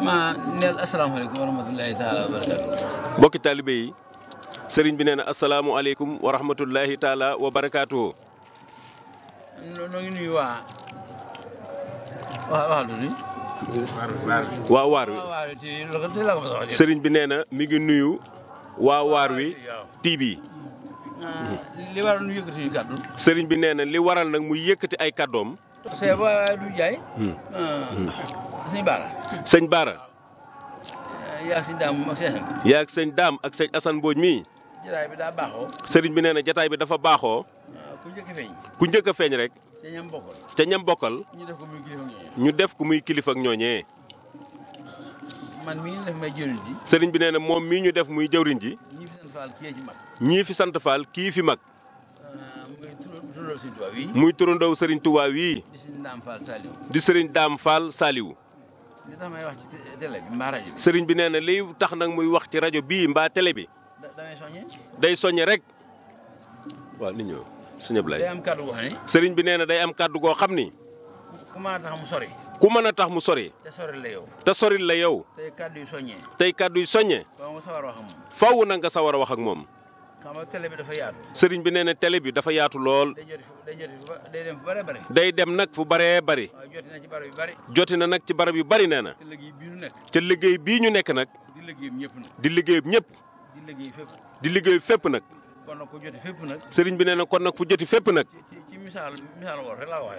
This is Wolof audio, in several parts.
ma neel asalaamaaleykum wa rahmatulahi taala wa sëriñ bi nee na asalaamualeykum ngi nuyu waa waar wi sëriñ bi nee na mi ngi bi. li waral nu yëkkati ñu kàddu. sëriñ bi nee na li waral nag mu yëkkati ay kàddoom. c'est du jaay. Hmm. Ah. Hmm. sëñ Baara. sëñ Baara. Eh, yaa ak sëñ sëriñ bi nee na jataay bi dafa baaxoo. ku eh, ku njëkk feeñ rek. te ñam ñu def ko muy kilifa ak man mii ñu jëwriñ ji. sëriñ bi nee na moom mii ñu def muy jëwriñ ji. ñii fi sant faal kii fi mag. ñii fi sant faal kii fi mag. Eh, muy turandaw sëriñ Tuubaa wii. di sëriñ Daam Faal Saaliw. li tax may wax bi sëriñ bi nee na liy tax nag muy wax ci rajo bii mbaa tele bi. day soññe rek. waaw nit sëñ Ablaye. day am sëriñ bi nee na day am kàddu goo xam ni. ku mën a tax mu sori. ku mën a tax mu sori. te sori la yow. te sori la yow. tey kàddu yu soññee. tey kàddu yu soññee. nga sawar a wax ak moom. xam nga télé bi dafa yaatu. sëriñ bi nee na bi dafa yaatu lool. day jot day dem fu dem nag fu bëree bëri. joti na ci barab na nag ci barab yu bari nee na. ca liggéey bii ñu nekk. liggéey bii ñu nekk nag. di liggéey ñëpp di liggéey ñëpp. di liggéey fépp. di liggéey fépp nag. kon nag ku joti fépp nag. sëriñ bi nee na kon nag fu joti fépp nag.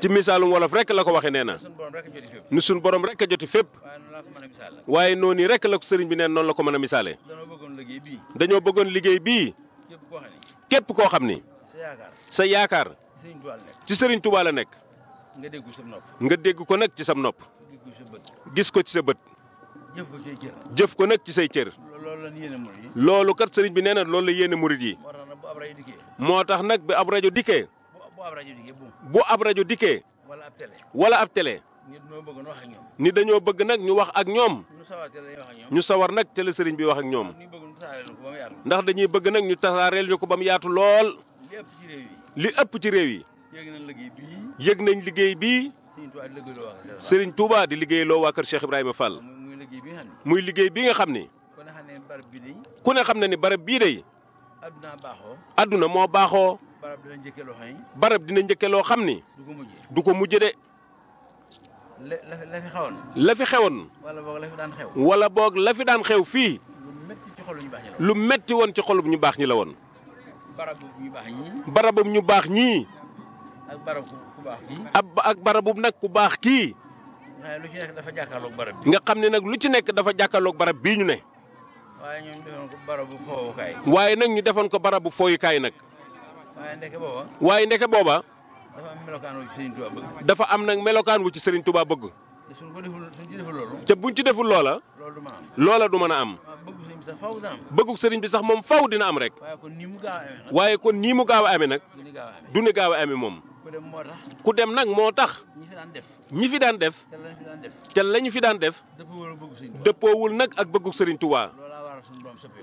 ci misaal misaalum wolof rek la ko waxee. ci rek la ko waxee nee na. nu suñ borom rek a joti fépp. waaye noonu rek la ko sëriñ bi nee noonu la ko mën a misaale. dañoo bëggoon liggéey bii képp koo xam ni. sa yaakaar. ci Serigne Touba la nekk. nga dégg sa nopp. nga dégg ko nag ci sam nopp. gis ko ci sa bët. jëf ko ci say cër. jëf ko nag ci say cër. loolu kat sëriñ bi nee na loolu la yéene murit yi. moo tax nag bu ab rajo dikkee. bu ab rajo dikkee. wala ab télé. wala ab télé. ni dañoo bëgg nag ñu wax ak ñoom. ñu sawar nag te la sëriñ bi wax ak ñoom. ndax dañuy bëgg nag ñu tasaareel ñu ko ba mu yaatu lool li ëpp ci réew yi yëg nañ liggéey bii Serigne Touba di liggéey loo waa kër Cheikh Ibrahima Fall muy liggéey bi nga xam ni ku ne xam na ni barab bii day adduna moo baaxoo barab dina njëkke loo xam ni du ko mujj de la fi xewoon wala boog la fi daan xew fii lu metti woon ci xolub ñu baax ñi la woon. barabub ñu baax ñii. ak barabu ku ab ak barabu nag ku baax kii. nga lu ci nekk dafa bi. nga xam ne nag lu ci nekk dafa jàkkaarloog barab bii ñu ne. waaye ñu defoon ko barabu fooyukaay. waaye nag ñu defoon ko barabu fooyukaay nag. waaye ndeke booba. waaye ndeke booba. dafa am am nag melokaan wu ci Serigne Touba bëgg. te suñ ko deful suñ ci deful loola. loola du mën a am. bëggug sëriñ bi sax moom faw dina am rek. waaye kon nii mu gaaw a amee nag. du ni gaaw a amee moom. ku dem nag moo tax. ñi fi daan def. te lañu fi daan def. dëppoowul nag ak bëggug sëriñ Tuubaa.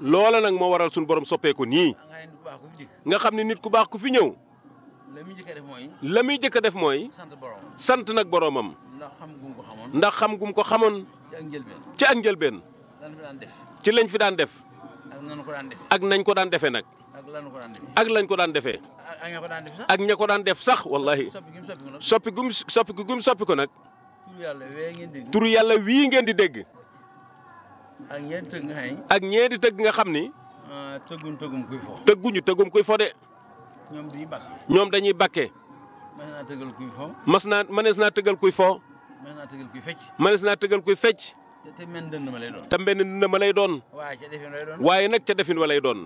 loola nag moo waral suñu borom soppeeku nii. nga xam ne nit ku baax ku fi ñëw. la muy jëkk a def mooy. sant nag boromam. ndax xam gum ko xamoon. ci ci ak njëlbeen. ci lañ fi daan def. ak nañ ko daan defee. nag. ak lañ ko daan ak lañ ko daan defee. ak ña ko daan def sax. ak ña ko daan def sax wallaahi. soppi gum soppi gum soppi ko nag. turu yàlla wii ngeen di dégg. ak ñeenti tëgg nga tëgg nga xam ni. Ah, tëgguñu tëggum kuy fo. tëgguñu tëggum kuy fo de. ñoom dañuy bàkke. ñoom dañuy bàkke. mas naa tëggal kuy fo. mas naa mënees naa tëggal kuy fo. mënees fecc. te mel dënn ma lay doon. te mel dënn ma lay doon. waaye ca defin lay doon. waaye nag ca defin wa lay doon.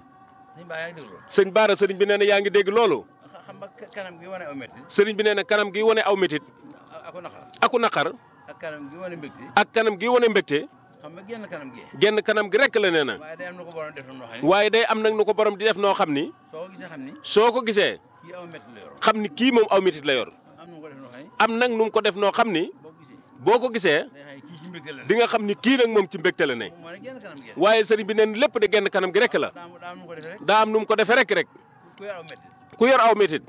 sëñ Baara sëriñ bi nee na yaa ngi dégg loolu. xam aw métit. sëriñ bi nee na kanam gi wane aw métit. aku naqar aku naqar. ak kanam gi wane mbégte. ak xam nga genn kanam gi. genn kanam gi rek la nee na. waaye day am ko borom di def noo xam ni. am nag nu ko borom di def noo xam ni. soo ko gisee xam ni. soo ko gisee. kii aw métit xam ni kii moom aw métit la yor. am nag nu mu ko def noo xam ni. boo ko gisee. di nga xam ni kii nag moom ci mbégte la ne waaye sëriñ bi neen lépp de genn kanam gi rek la daa am nu mu ko defee rek rek ku yor aw métit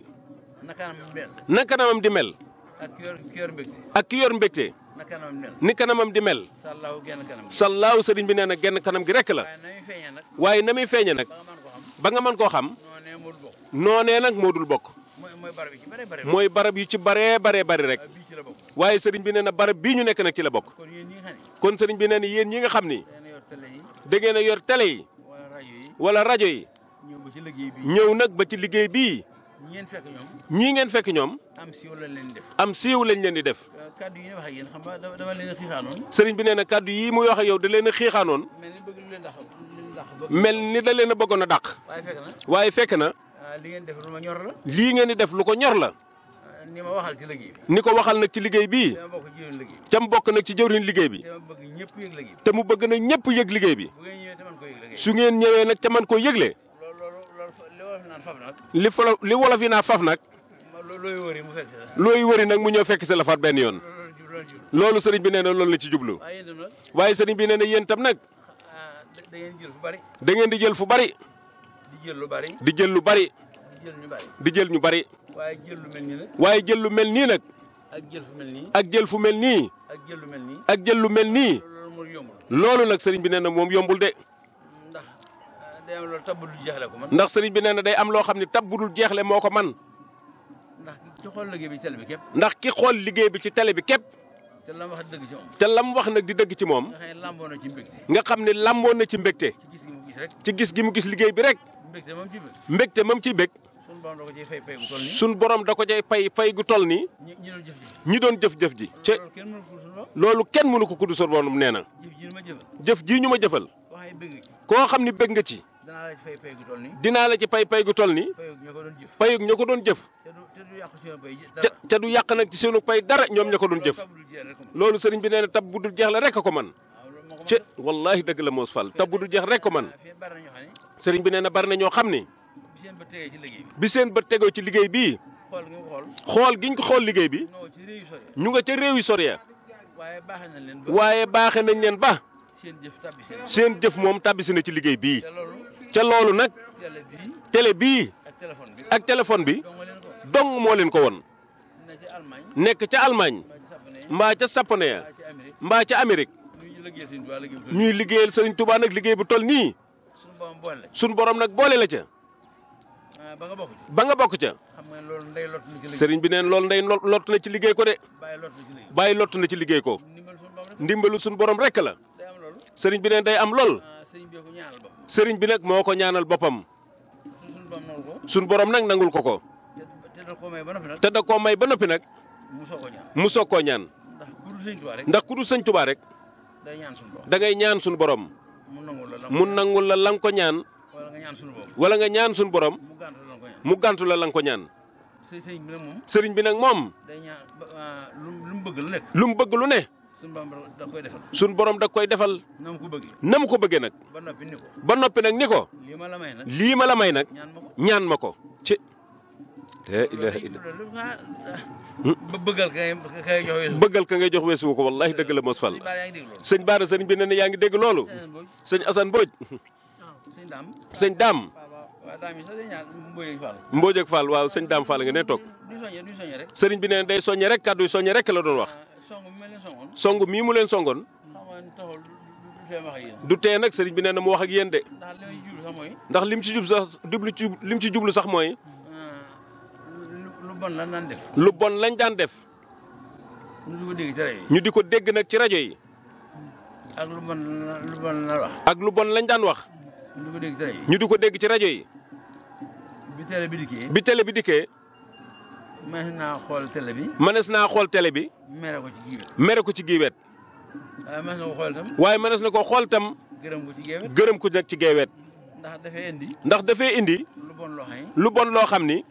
na kanamam di mel ak ki yor mbégte ni kanamam di mel sallaahu sëriñ bi neen na genn kanam gi rek la waaye na muy feeñe nag ba nga mën koo xam noonee nag moo dul bokk mooy barab yu ci baree bare bari rek waaye sëriñ bi nee na barab bii ñu nekk nag ci la bokk. kon sëriñ bi nee na yéen ñi nga xam ni. da ngeen a yor télé yi. wala rajo yi. ñëw nag ba ci liggéey bii. ñii ngeen fekk ñoom. am siiw lañ leen di def. am siiw lañ leen di def. kaddu yi yéen xam nga sëriñ bi nee na kàddu yii muy wax yow da leen a xiixaanoon. mel ni da leen a bëggoon a dàq. waaye fekk na. waaye fekk na. Ah, lii ngeen di def lu ko ñor la. ni ma waxal ci liggéey bi. ni ko waxal nag ci liggéey bii. te mu bokk nag ci jëwriñ liggéey bi. te mu bëgg nag ñëpp yëg liggéey bi. su ngeen ñëwee nag te man koo yëgle. li folo li wolof yi naa faf nag. looy wëri nag mu ñëw fekk si la far benn yoon. loolu sëriñ bi nee na loolu la ci jublu. waaye sëriñ bi nee na yéen tam nag. Ah, da ngeen di jël fu bari. da ngeen di jël fu bari. di jël lu bari. di jël lu bari. di jël ñu bari. waaye jël lu mel nii nag. waaye jël mel nii nag. ak jël fu mel nii. jël fu mel nii. ak jël lu mel nii. ak jël lu mel nii. loolu nag sëriñ bi nee na moom yombul de. ndax ah, day am loolu tabb dul ko man. ndax sëriñ bi nee na day am loo xam ne tabb dul jeexle moo ko man ndax ki xool liggéey bi ci télé bi képp. ndax ki xool liggéey bi ci télé bi képp. te lam wax dëgg ci moom. te lam wax nag di dëgg ci moom. nga xam ne làmboon na ci mbégte. nga xam ne làmboon na ci mbégte. ci gis gi mu gis rek. ci gis gi mu gis liggéey bi rek. mbégte mam ciy bég. ciy bég. suñ borom da ko jay pay pay gu tol nii. ñi doon jëf-jëf ji. ci loolu kenn mënu ko kudd sa borom nee na. jëf jii ñu ma jëfal. koo xam ni bëgg nga ci. dinaa la ci pay pay gu toll nii. payug ñoo ko doon jëf. te du yàq nag ci seenu pay dara ñoom ña ko doon jëf. loolu sëriñ bi nee na tab bu dul jeex la rek ko man ci wallahi dëgg la moos fal tab bu dul jeex rek ko man sëriñ bi nee na bari na ñoo xam ni. bi seen bët tegoo ci liggéey bii. xool giñ ko xool liggéey bi. ñu nga ca réew yi sori waaye baaxe nañ leen ba. seen jëf moom tàbbisi na ci liggéey bii. ca loolu nag. télé bii. ak téléphone bi. dong moo leen ko won nekk ca Allemagne. mbaa ca Sapone. mbaa ca Amérique. ñuy liggéeyal Sëriñ Tuubaa nag liggéey bu toll nii. sun borom nag boole la ca. Eh, ba nga bokk ca ba nga bokk ca. sëriñ bi neen loolu ndey lot na ci liggéey ko de. bàyyi lot na ci liggéey ko. ndimbalu suñu borom rek la. sëriñ bi neen day am lool. Ah, sëriñ bi nag moo ko ñaanal boppam. suñu borom nag nangul ko ko. te da koo may ba noppi nag. mu soog koo ñaan. ndax ku dul sëñ Tuubaa rek. da ngay ñaan suñu borom. mu nangul la lan ko ñaan. wala nga ñaan sunu borom. wala nga ñaan sunu mu gàntu la la nga ko ñaan. sëriñ bi nag moom. sëriñ bi nag moom. day ñaan lu mu bëgg lu lu mu bëgg lu ne. suñu borom da koy defal. suñu borom da koy defal. na mu ko bëggee. na ko bëggee nag. ba noppi ba noppi nag ni ko. lii ma la may nag. lii ma may nag. ñaan ma ko ci. la ilaha illa hmm? bëggal ka ngay jox weesu. bëggal ka ngay jox weesu ko wallaahi dëgg la mos fal. sëñ Baara sëriñ bi ne ne yaa ngi dégg loolu. sëñ Assane Mbodj. sëñ daam. Mbodj ak Fall waaw sëñ daam Fall nga ne toog. sëriñ bi nee day soññe rek kàddu yi soññe rek la doon wax. Ah, song mii mu leen songoon. du tee nag sëriñ bi nee na mu wax ak yéen de. ndax lim ci jub sax jublu ci lim ci jublu sax mooy. Ah, lu bon lañ daan def. lu bon lañ daan def. ñu di ko dégg nag ci rajo yi. lu bon lañ daan wax. ak lu bon lañ daan wax. ñu di ko dégg ci rajo yi. bi télé bi dikkee. bi tele bi dikkee. mënees naa xool tele bi. mënees naa xool télé bi. mere ko ci giiwet. mere ko ci giiwet. waaye mënees na ko xool tam. waaye mënees na ko xool tam. gërëm ko ci geewet gërëm ko nag ci geewet. ndax dafay indi. ndax dafay indi. lu bon loo xam lu bon loo xam ni.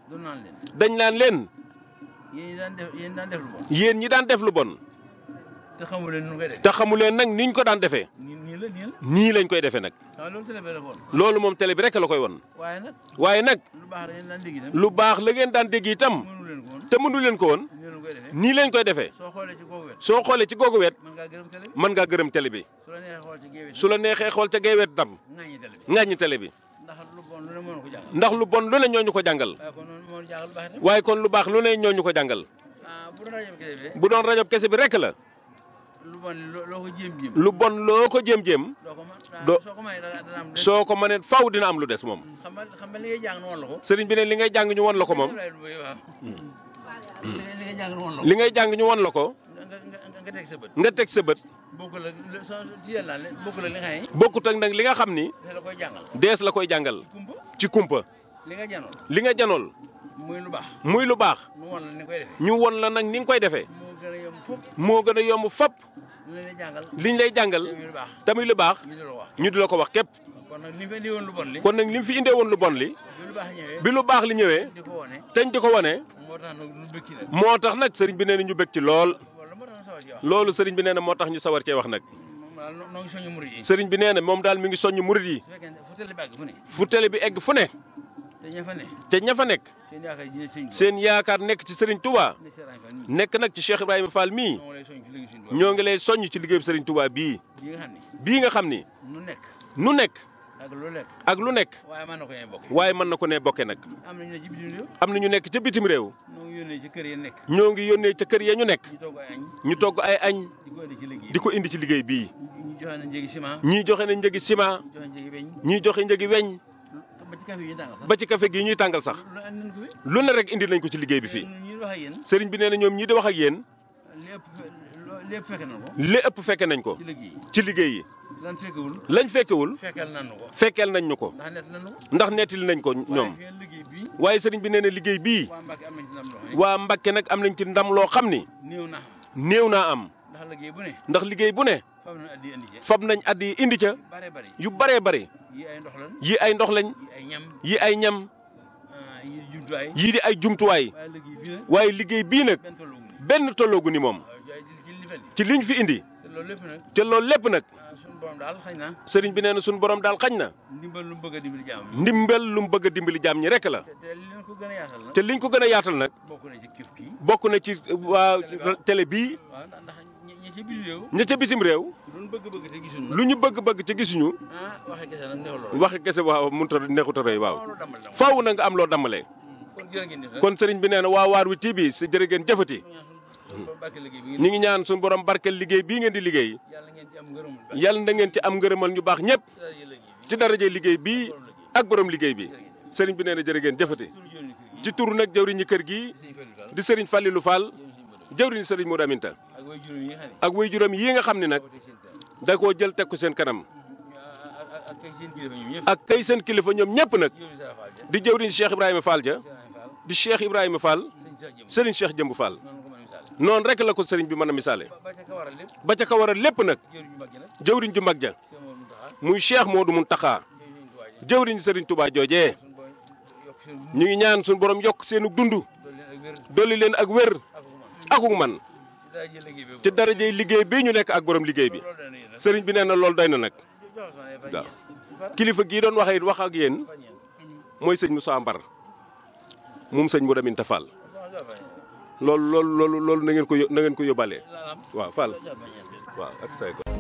dañ naan leen. yéen ñi daan def yéen daan def lu bon. yéen ñi daan def lu bon. te xamu leen nu koy xamu leen nag niñ ko daan defee. nii lañ koy defee nag. loolu moom télé bi rek la koy won waaye nag lu baax la ngeen daan dégg itam te mënu leen ko woon nii lañ koy defee soo xoolee ci googu wet mën ngaa gërëm télé bi su la neexee xool ca gee wet tam ŋàññi télé bi. ndax lu bon lu ne ñooñu ko jàngal. waaye kon lu baax lu ne ñooñu ko jàngal. Ah, bu doon rajo kese bi rek la. lu bon loo ko jéem-jéem do soo ko mënee faw dina am lu des moom mm, sëriñ bi ne li ngay jàng ñu won la ko moom mm. Mm. li ngay jàng ñu won la ko nga teg sa bët bokkut ak nag li nga xam ni dees la koy jàngal ci kumpa li nga janool muy lu baax ñu won la ni koy defee moo gën a yomb fop liñ lay jàngal tamit lu baax ñu di la ko wax képp kon nag li mu fi indee woon lu bon li bi lu baax li ñëwee teñ di ko wane moo tax nag sëriñ bi nee na ñu bëgg ci lool loolu sëriñ bi nee moo tax ñu sawar cee wax nag sëriñ bi nee moom daal mi ngi soññ murit yi fu télé bi egg fu ne te ña fa nekk. seen yaakaar nekk ci Serigne Touba. nekk nag ci Cheikh Ibrahima Fall mii. ñoo ngi lay soññ ci liggéeyu Serigne Touba bii. bii nga xam ni. nu nekk. ak lu nekk ak lu nekk. waaye mën na ko nee bokkee. waaye mën na ko nee bokkee nag. am na ñu nekk am na ñu nekk ca bitim réew. ñoo ngi yónnee ca kër ya nekk. ñoo ngi yónnee ca kër ya ñu nekk. ñu togg ay añ. ñu togg ay añ. di ko indi ci liggéey bii. ñii joxe na njëgi ciment. ñii joxe na njëgi ciment. ñii joxe njëgi weñ. ba ci kafe gi ñuy tàngal sax lu ne rek indi nañ ko ci liggéey bi fii sëriñ bi nee na ñoom ñii di wax ak yéen li ëpp fekke nañ ko ci liggéey yi lañ fekkewul fekkeel nañ ñu ko ndax nettali nañ ko ñoom waaye sëriñ bi nee na liggéey bii waa Mbàkke nag am nañ ci ndam loo xam ni néew naa am ndax liggéey bu ne fab nañ addi indi ca yu bëree bëri yi ay ndox lañ yi ay ñam yii ah, di ay jumtuwaay waaye liggéey bii nag benn tolloogu ni moom ci liñ fi indi te lool lépp nag ah, sëriñ bi nee na suñu borom daal xañ na ndimbal lu mu bëgg a dimbali jaam ñi ndimbal lu mu bëgg dimbali jaam ñi rek la te liñ ko gën a yaatal nag bokk na ci waa télé bii ca bitim réew. ña ca bitim réew. lu ñu bëgg-bëgg te gisuñu. lu ñu bëgg-bëgg te gisuñu. Ah, waxe kese nag neexul lool. waxe kese waaw mënut a neexut a rëy waaw. faaw na nga am loo dammalee. Eh? kon sëriñ bi nee na waa waar wi tii bi si jërë ngeen jëfati. ñu ngi ñaan suñu borom barkeel liggéey bii ngeen di liggéey. yàlla na ngeen ci am ngërëmal ñu baax ñëpp. ci daraje liggéey bii ak borom liggéey bi sëriñ bi nee na jëfati ci tur nag kër gi di sëriñ Fallilou Fall jëwriñu sëriñ Modou Aminta ak way juróom yi nga xam ne nag da koo jël teg ko seen kanam ak kay seen kilifa ñoom ñëpp nag di jëwriñ Cheikh Ibrahima Fall ja di Cheikh Ibrahima Fall Serigne Cheikh Jëmb Fall noonu rek la ko Serigne bi mën a misaale ba ca ka lépp nag jëwriñ ju mag ja muy Cheikh Modou Mountakha jëwriñ Serigne Touba joojee ñu ngi ñaan suñu borom yokk seenu dund dolli ak wér akuk man ci darajey liggéey bi ñu nekk ak borom liggéey bi sëriñ bi nee na loolu day na nag kilifa gii doon waxee wax ak yéen mooy sëñ Moussa Mbar moom sëñ Modou Aminta Fall loolu loolu loolu loolu na ngeen ko na ngeen ko yóbbaale waaw Fall ko